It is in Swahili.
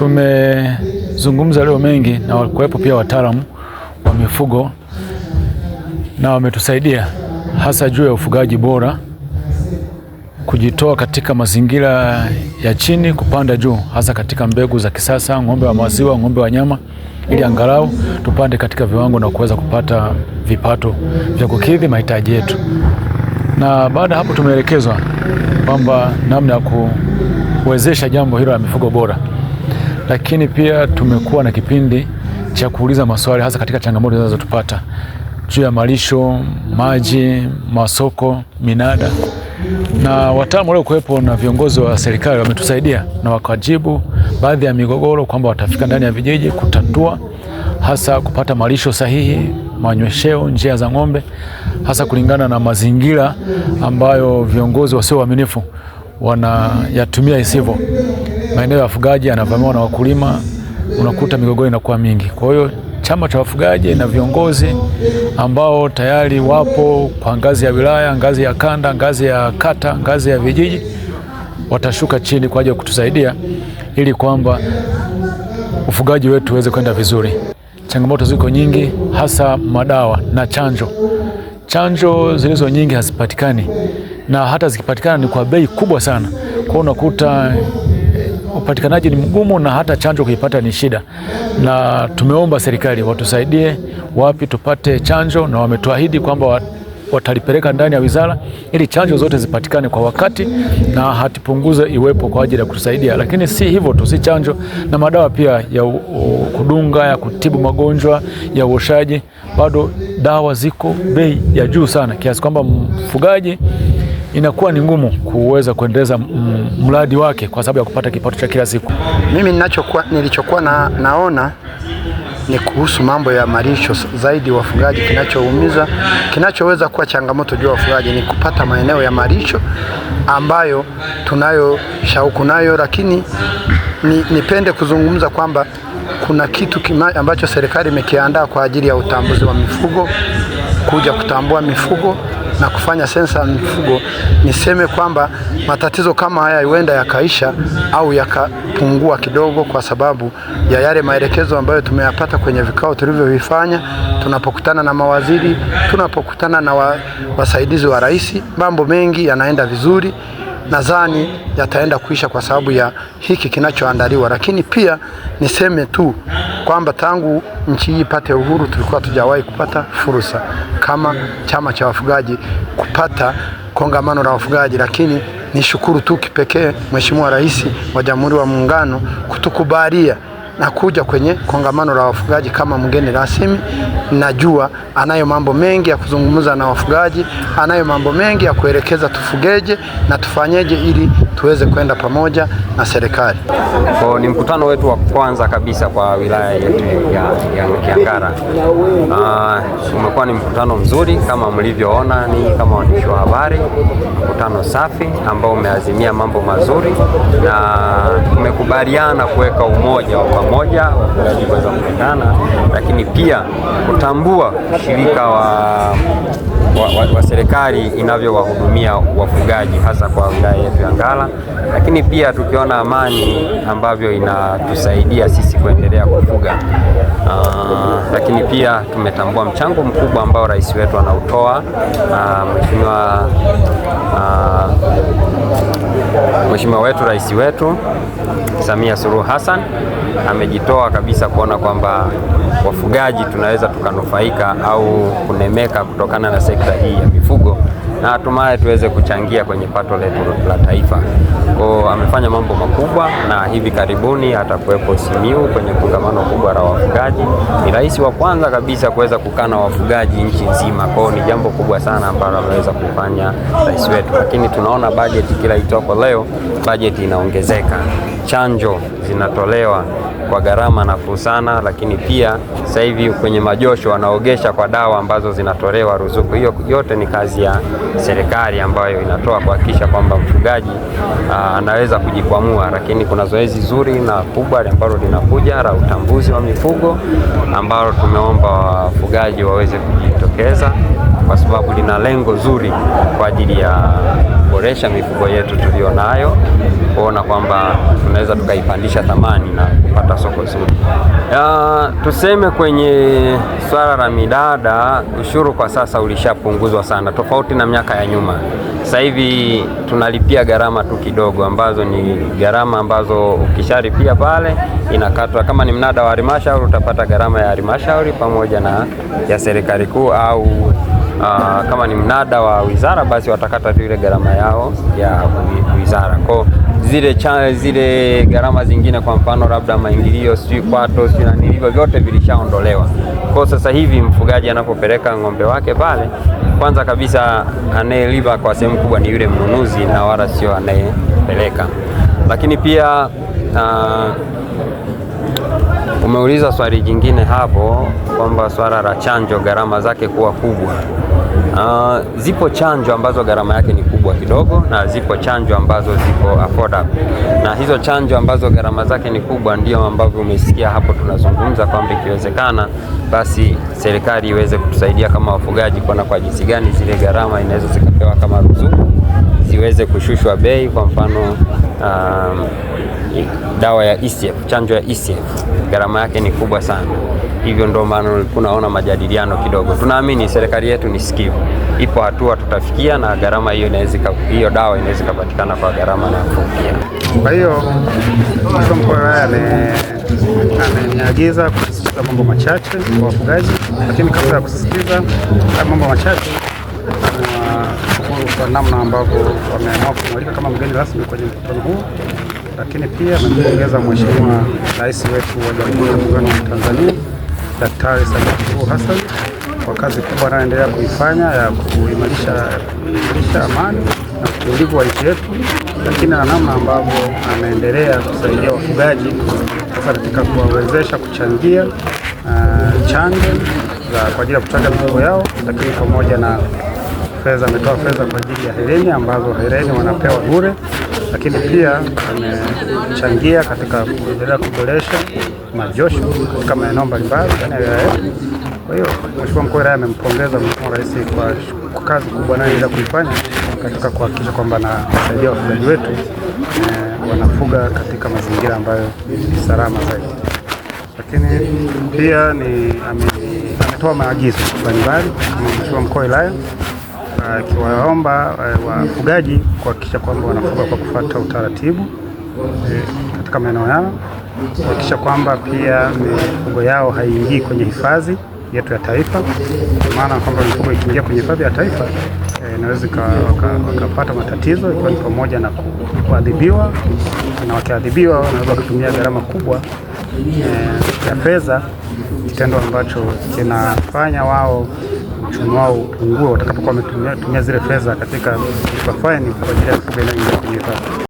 Tumezungumza leo mengi na walikuwepo pia wataalamu wa mifugo na wametusaidia hasa juu ya ufugaji bora, kujitoa katika mazingira ya chini kupanda juu, hasa katika mbegu za kisasa, ng'ombe wa maziwa, ng'ombe wa nyama, ili angalau tupande katika viwango na kuweza kupata vipato vya kukidhi mahitaji yetu. Na baada ya hapo tumeelekezwa kwamba namna ya kuwezesha jambo hilo la mifugo bora lakini pia tumekuwa na kipindi cha kuuliza maswali hasa katika changamoto zinazotupata juu ya malisho, maji, masoko, minada na wataalamu waliokuwepo na viongozi wa serikali wametusaidia na wakajibu baadhi ya migogoro kwamba watafika ndani ya vijiji kutatua, hasa kupata malisho sahihi, manywesheo, njia za ng'ombe, hasa kulingana na mazingira ambayo viongozi wasio waaminifu wanayatumia isivyo maeneo ya wafugaji anavamiwa na wakulima, unakuta migogoro inakuwa mingi. Kwa hiyo chama cha wafugaji na viongozi ambao tayari wapo kwa ngazi ya wilaya, ngazi ya kanda, ngazi ya kata, ngazi ya vijiji watashuka chini kwa ajili ya kutusaidia ili kwamba ufugaji wetu uweze kwenda vizuri. Changamoto ziko nyingi, hasa madawa na chanjo. Chanjo zilizo nyingi hazipatikani na hata zikipatikana ni kwa bei kubwa sana. Kwa unakuta upatikanaji ni mgumu na hata chanjo kuipata ni shida, na tumeomba serikali watusaidie wapi tupate chanjo, na wametuahidi kwamba watalipeleka ndani ya wizara ili chanjo zote zipatikane kwa wakati na hatipunguze iwepo kwa ajili ya kutusaidia. Lakini si hivyo tu, si chanjo na madawa pia ya kudunga ya kutibu magonjwa ya uoshaji, bado dawa ziko bei ya juu sana kiasi kwamba mfugaji inakuwa ni ngumu kuweza kuendeleza mradi wake kwa sababu ya kupata kipato cha kila siku. Mimi ninachokuwa nilichokuwa na, naona ni kuhusu mambo ya malisho zaidi wafugaji. Kinachoumiza, kinachoweza kuwa changamoto juu ya wafugaji ni kupata maeneo ya malisho ambayo tunayo shauku nayo, lakini ni, nipende kuzungumza kwamba kuna kitu kima ambacho serikali imekiandaa kwa ajili ya utambuzi wa mifugo, kuja kutambua mifugo na kufanya sensa ya mifugo, niseme kwamba matatizo kama haya huenda yakaisha au yakapungua kidogo, kwa sababu ya yale maelekezo ambayo tumeyapata kwenye vikao tulivyovifanya, tunapokutana na mawaziri, tunapokutana na wa, wasaidizi wa rais, mambo mengi yanaenda vizuri nadhani yataenda kuisha kwa sababu ya hiki kinachoandaliwa. Lakini pia niseme tu kwamba tangu nchi hii ipate uhuru tulikuwa tujawahi kupata fursa kama chama cha wafugaji kupata kongamano la wafugaji, lakini nishukuru tu kipekee Mheshimiwa Rais wa Jamhuri wa Muungano kutukubalia na kuja kwenye kongamano la wafugaji kama mgeni rasmi. Najua anayo mambo mengi ya kuzungumza na wafugaji, anayo mambo mengi ya kuelekeza tufugeje na tufanyeje ili tuweze kwenda pamoja na serikali. So, ni mkutano wetu wa kwanza kabisa kwa wilaya yetu ya, ya Kiangara. Uh, umekuwa ni mkutano mzuri kama mlivyoona, ni kama waandishi wa habari, mkutano safi ambao umeazimia mambo mazuri na tumekubaliana kuweka umoja wa moja, wafungaji kuweza kuonekana, lakini pia kutambua ushirika wa, wa, wa, wa serikali inavyowahudumia wafugaji hasa kwa wilaya yetu ya Ngara, lakini pia tukiona amani ambavyo inatusaidia sisi kuendelea kufuga. Uh, lakini pia tumetambua mchango mkubwa ambao rais wetu anautoa uh, mheshimiwa uh, Mheshimiwa wetu rais wetu Samia Suluhu Hassan amejitoa kabisa kuona kwamba wafugaji tunaweza tukanufaika au kunemeka kutokana na sekta hii ya mifugo na hatimaye tuweze kuchangia kwenye pato letu la taifa. Kwa amefanya mambo makubwa, na hivi karibuni atakuwepo Simiu kwenye kongamano kubwa la wafugaji. Ni rais wa kwanza kabisa kuweza kukaa na wafugaji nchi nzima, kwao ni jambo kubwa sana ambalo ameweza kufanya rais wetu. Lakini tunaona bajeti kila itoko leo bajeti inaongezeka, chanjo zinatolewa kwa gharama nafuu sana, lakini pia sasa hivi kwenye majosho wanaogesha kwa dawa ambazo zinatolewa ruzuku. Hiyo yote ni kazi ya serikali ambayo inatoa kuhakikisha kwamba mfugaji ah, anaweza kujikwamua, lakini kuna zoezi zuri na kubwa ambalo linakuja la utambuzi wa mifugo ambalo tumeomba wafugaji waweze kuji kuliwekeza kwa sababu lina lengo zuri kwa ajili ya kuboresha mifugo yetu tuliyo nayo kuona kwamba tunaweza tukaipandisha thamani na kupata soko zuri. Ya, tuseme kwenye swala la midada, ushuru kwa sasa ulishapunguzwa sana, tofauti na miaka ya nyuma. Sasa hivi tunalipia gharama tu kidogo, ambazo ni gharama ambazo ukishalipia pale inakatwa. Kama ni mnada wa halmashauri utapata gharama ya halmashauri pamoja na ya serikali kuu au uh, kama ni mnada wa wizara basi watakata tu ile gharama yao ya wizara. Kwa zile cha, zile gharama zingine, kwa mfano labda maingilio, sijui kwato, sijui na hivyo vyote vilishaondolewa. Kwa sasa hivi mfugaji anapopeleka ng'ombe wake pale, kwanza kabisa anayelipa kwa sehemu kubwa ni yule mnunuzi na wala sio anayepeleka, lakini pia uh, Umeuliza swali jingine hapo kwamba swala la chanjo gharama zake kuwa kubwa. Uh, zipo chanjo ambazo gharama yake ni kubwa kidogo na zipo chanjo ambazo ziko affordable. Na hizo chanjo ambazo gharama zake ni kubwa ndio ambavyo umesikia hapo tunazungumza kwamba ikiwezekana basi serikali iweze kutusaidia kama wafugaji kuona kwa jinsi gani zile gharama inaweza zikapewa kama iweze kushushwa bei. Kwa mfano um, dawa ya ECF, chanjo ya ECF gharama yake ni kubwa sana, hivyo ndio maana kunaona majadiliano kidogo. Tunaamini serikali yetu ni sikivu, ipo hatua tutafikia, na gharama hiyo inaweza hiyo dawa inaweza kupatikana kwa gharama nafuu pia. Kwa hiyo mkuu mkuu ameniagiza kusisitiza mambo machache kwa wafugaji, lakini kabla ya kusisitiza mambo machache kwa namna ambavyo wameamua kumwalika kama mgeni rasmi kwenye mkutano huu, lakini pia nampongeza Mheshimiwa Rais wetu wa Jamhuri ya Muungano wa Tanzania Daktari Samia Suluhu Hassan kwa kazi kubwa anayoendelea kuifanya ya kuimarisha amani na utulivu wa nchi yetu, lakini na namna ambavyo ameendelea kusaidia wafugaji sasa katika kuwawezesha kuchangia uh, chanjo kwa ajili ya kuchanja mifugo yao, lakini pamoja na fedha, ametoa fedha kwa ajili ya hereni ambazo hereni wanapewa bure, lakini pia amechangia katika kuendelea kuboresha majosho katika maeneo mbalimbali ndani ya wilaya yetu. Kwa hiyo mheshimiwa mkuu wa wilaya amempongeza mheshimiwa rais kwa kazi kubwa anayoendelea kuifanya katika kuhakikisha kwamba anasaidia wafugaji wetu e, wanafuga katika mazingira ambayo ni salama zaidi, lakini pia ni ametoa maagizo mbalimbali mheshimiwa mkuu wa wilaya akiwaomba uh, wafugaji kuhakikisha kwamba wanafuga kwa kufuata utaratibu uh, katika maeneo yao, kuhakikisha kwamba pia mifugo yao haiingii kwenye hifadhi yetu ya taifa, kwa maana kwamba mifugo ikiingia kwenye hifadhi ya taifa eh, inaweza wakapata matatizo ikiwa ni pamoja na kuadhibiwa, na wakiadhibiwa wanaweza kutumia gharama kubwa e, ya fedha, kitendo ambacho kinafanya wao uchumi wao upungue watakapokuwa wametumia zile fedha katika faini kwa ajili ya kufuga kwenye hifadhi.